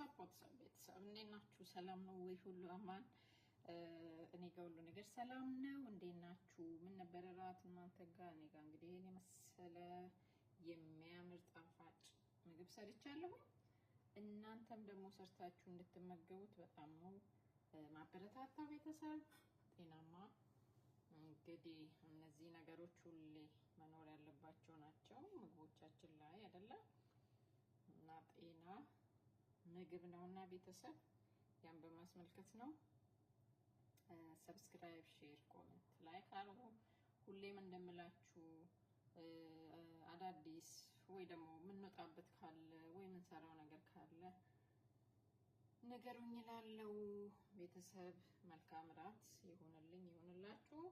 ዋትሳፕ ዋትሳፕ ቤተሰብ እንዴት ናችሁ? ሰላም ነው ወይ? ሁሉ አማን? እኔ ጋር ሁሉ ነገር ሰላም ነው። እንዴት ናችሁ? ምን ነበረ እራት እናንተ ጋር? እኔ ጋር እንግዲህ ይሄን የመሰለ የሚያምር ጣፋጭ ምግብ ሰርቻለሁ። እናንተም ደግሞ ሰርታችሁ እንድትመገቡት በጣም ነው ማበረታታ። ቤተሰብ ጤናማ እንግዲህ እነዚህ ነገሮች ሁሌ መኖር ያለባቸው ናቸው ምግቦቻችን ላይ አይደለም እና ጤና ምግብ ነውና ቤተሰብ ያን በማስመልከት ነው። ሰብስክራይብ፣ ሼር፣ ኮሜንት፣ ላይክ አድርጉ። ሁሌም እንደምላችሁ አዳዲስ ወይ ደግሞ የምንወጣበት ካለ ወይ የምንሰራው ነገር ካለ ነገሩኝ እላለሁ። ቤተሰብ መልካም ራት ይሆንልኝ ይሆንላችሁ።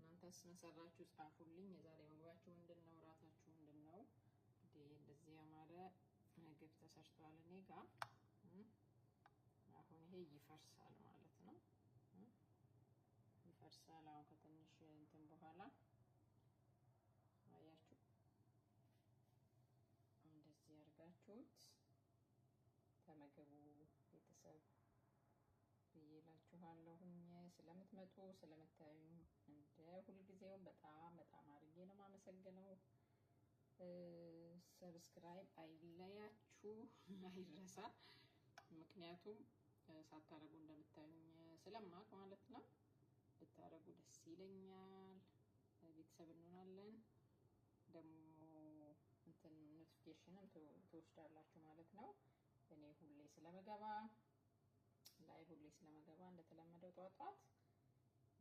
እናንተስ ምን ሰራችሁ? ጻፉልኝ። የዛሬ ምግባችሁ ምንድን ነው? ራታችሁ ምንድን ነው? እንደዚህ ያማረ ምግብ ተሰርቷል እኔ ጋ አሁን ይሄ ይፈርሳል ማለት ነው። ይፈርሳል አሁን ከትንሽ እንትን በኋላ አያችሁ፣ እንደዚህ ያርጋችሁት ተመገቡ ቤተሰብ ብዬ እላችኋለሁኝ። ስለምትመጡ ስለምታዩኝ እንደ ሁልጊዜውም በጣም በጣም አድርጌ ነው የማመሰግነው። ሰብስክራይብ አይለያችሁ አይረሳ። ምክንያቱም ሳታደርጉ እንደምታዩኝ ስለማቅ ማለት ነው። ብታደርጉ ደስ ይለኛል። ቤተሰብ እንሆናለን። ደግሞ እንትን ኖቲፊኬሽንም ትወስዳላችሁ ማለት ነው። እኔ ሁሌ ስለመገባ ላይ ሁሌ ስለመገባ እንደተለመደው ጧጧት ጠዋት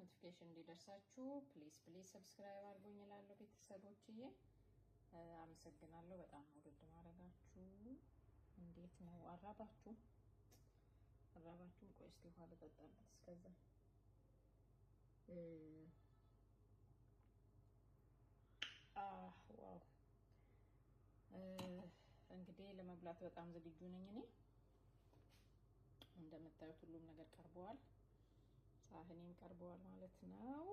ኖቲፊኬሽን እንዲደርሳችሁ ፕሊዝ ፕሊዝ ሰብስክራይብ አድርጎኝ እላለሁ ቤተሰቦችዬ። አመሰግናለሁ። በጣም ውድድ ማድረጋችሁ። እንዴት ነው አራባችሁ? አራባችሁም? ቆይ እስኪ ውሃ ልጠጣበት። እስከዛ ዋው! እንግዲህ ለመብላት በጣም ዝግጁ ነኝ እኔ። እንደምታዩት ሁሉም ነገር ቀርበዋል፣ ሳህኔም ቀርበዋል ማለት ነው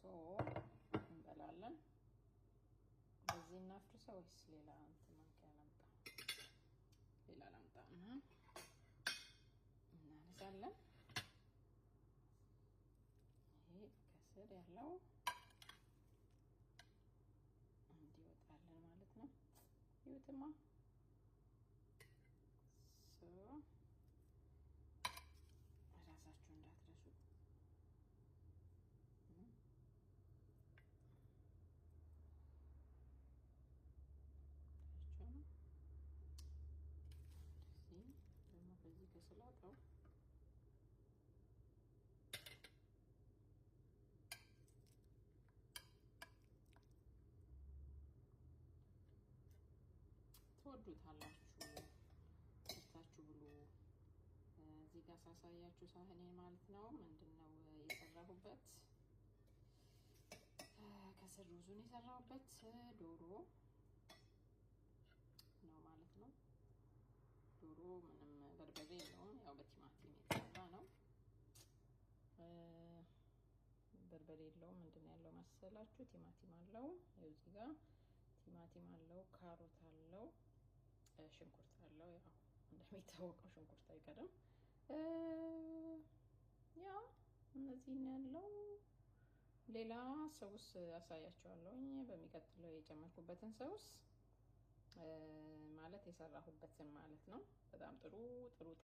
ሶ ወይስ ሌላ እንትን ማንኪያ ላምጣ? ሌላ ላምጣ እና እናነሳለን። ይሄ ከስር ያለው እንዲወጣለን ማለት ነው። ይሁትማ የምንጠቀመው። ትወዱታላችሁ፣ ሰርታችሁ ብሎ እዚህ ጋር ሳሳያችሁ ሳህኔን ማለት ነው። ምንድን ነው የሰራሁበት? ከስር ሩዙን የሰራሁበት ዶሮ ነው ማለት ነው። ዶሮ በርበሬ የለውም። ምንድን ነው ያለው መሰላችሁ? ቲማቲም አለው። ይኸው እዚህ ቲማቲም አለው፣ ካሮት አለው፣ ሽንኩርት አለው። ያው እንደሚታወቀው ሽንኩርት አይቀርም። ያ እነዚህ ነው ያለው። ሌላ ሰውስ አሳያቸዋለሁኝ በሚቀጥለው የጨመርኩበትን ሰውስ ማለት የሰራሁበትን ማለት ነው። በጣም ጥሩ ጥሩ